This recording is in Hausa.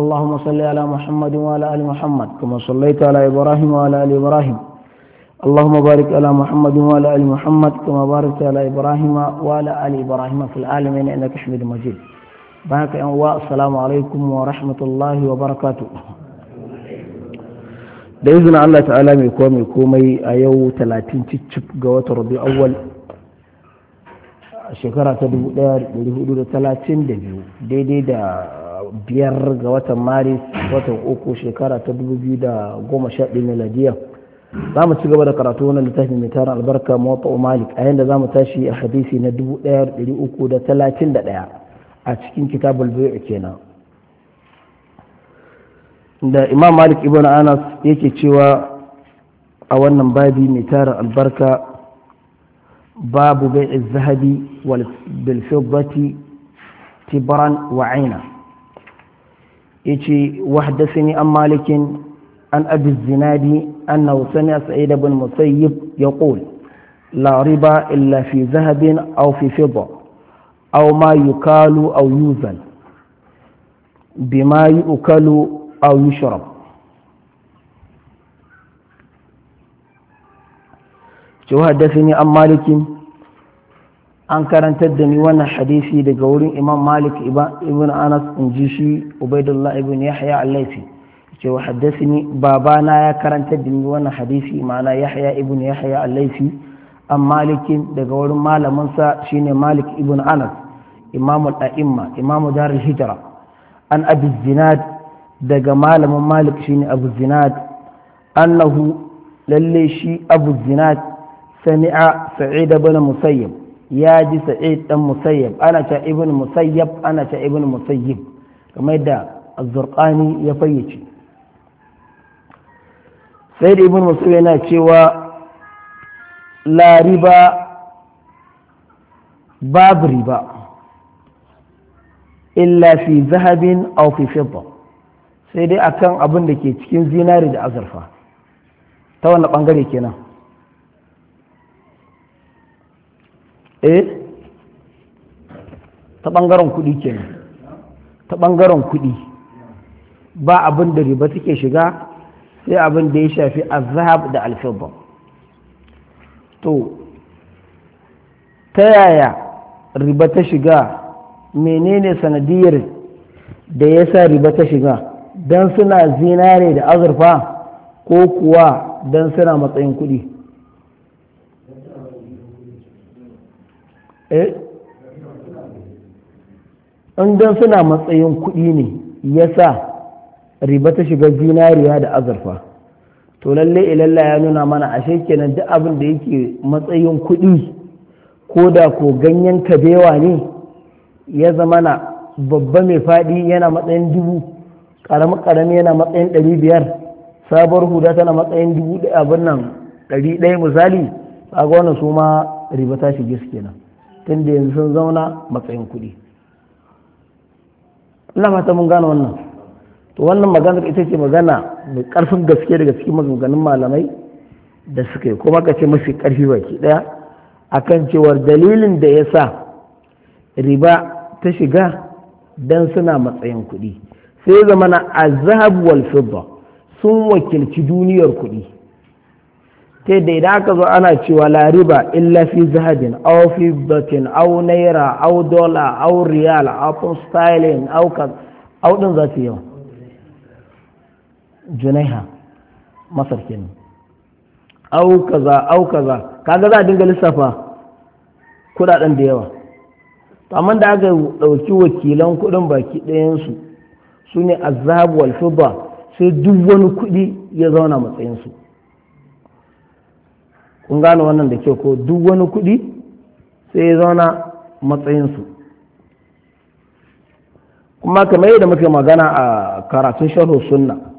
اللهم صل على محمد وعلى آل محمد كما صليت على إبراهيم وعلى آل إبراهيم اللهم بارك على محمد وعلى آل محمد كما باركت على إبراهيم وعلى آل إبراهيم في العالمين إنك حميد مجيد بارك السلام عليكم ورحمة الله وبركاته باذن الله تعالى ta'ala mai ايو komai a yau 30 cicip ga watan rabi awwal a shekara دي 1432 daidai biyar ga watan maris watan uku shekara ta dubu biyu da goma sha ɗin miladiya za mu ci gaba da karatu wannan littafin mai tarin albarka mawata malik a yanda za mu tashi a hadisi na dubu ɗaya ɗari uku da talatin da ɗaya a cikin kitabul bai'u kenan da imam malik ibn anas yake cewa a wannan babi mai tarin albarka babu bai'i zahabi wal bilfiddati tibran wa aina يجي وحدثني أم مالك أن أبي الزنادي أنه سمع سعيد بن مسيب يقول لا ربا إلا في ذهب أو في فضة أو ما يكال أو يوزن بما يؤكل أو يشرب وحدثني أم مالك an karantar da ni wannan hadisi daga wurin imam malik ibn anas in ji shi ubaidullah ibn yahya al-laifi ce wa haddasini babana ya karantar da ni wannan hadisi ma'ana yahya ibn yahya al-laifi an malikin daga wurin malaminsa shine malik ibn anas imamu al-a'imma imamu darul hijra an abi zinad daga malamin malik shine abu zinad annahu lalle shi abu zinad sami'a sa'ida ibn musayyib ya ji sa'id ɗan musayyab ana ta ibn musayyab ana ta ibn musayyib kamar da az-zurqani ya fayyace sai da ibn musayyab yana cewa la riba babu riba illa fi zahabin aw fi fidda sai dai akan abin da ke cikin zinari da azurfa ta wannan bangare kenan eh ta ɓangaren kuɗi kenan ta ɓangaren kuɗi ba abin da riba take shiga sai abin da ya shafi azhab da alfibba to ta yaya riba ta shiga menene sanadiyar da ya sa riba ta shiga don suna zinare da azurfa ko kuwa don suna matsayin kuɗi eh in suna matsayin kuɗi ne ya sa riba ta shiga zinariya da azurfa to lalle ilalla ya nuna mana ashe kenan duk abin da yake matsayin kuɗi ko da ko ganyen kabewa ne ya zama na babba mai faɗi yana matsayin dubu ƙaramin ƙarami yana matsayin ɗari biyar sabuwar huda tana matsayin dubu ɗaya abin nan ɗari ɗaya misali a wannan su ma riba ta shige su kenan tun da yanzu sun zauna matsayin kuɗi ina fata mun gane wannan to wannan maganar ita ce magana mai ƙarfin gaske daga cikin maganganun malamai da suka yi kuma ka ce mafi ƙarfi baki ɗaya akan cewar dalilin da ya sa riba ta shiga dan suna matsayin kuɗi sai zamana a zahabu wal sun wakilci duniyar kuɗi ta da idan aka zo ana cewa la riba illa fi zahabin aw fi batin aw naira aw dola aw riyal aw pound sterling aw kan aw din za su yawa junaiha masar kenan aw kaza aw kaza kaga za a dinga lissafa kudaden da yawa amma da aka dauki wakilan kudin baki ɗayan su sune azhab wal fidda sai duk wani kudi ya zauna matsayin su kun gane wannan da kyau ko duk wani kuɗi sai ya zauna matsayinsu kuma kamar yadda muke magana a karatun sharhu sunna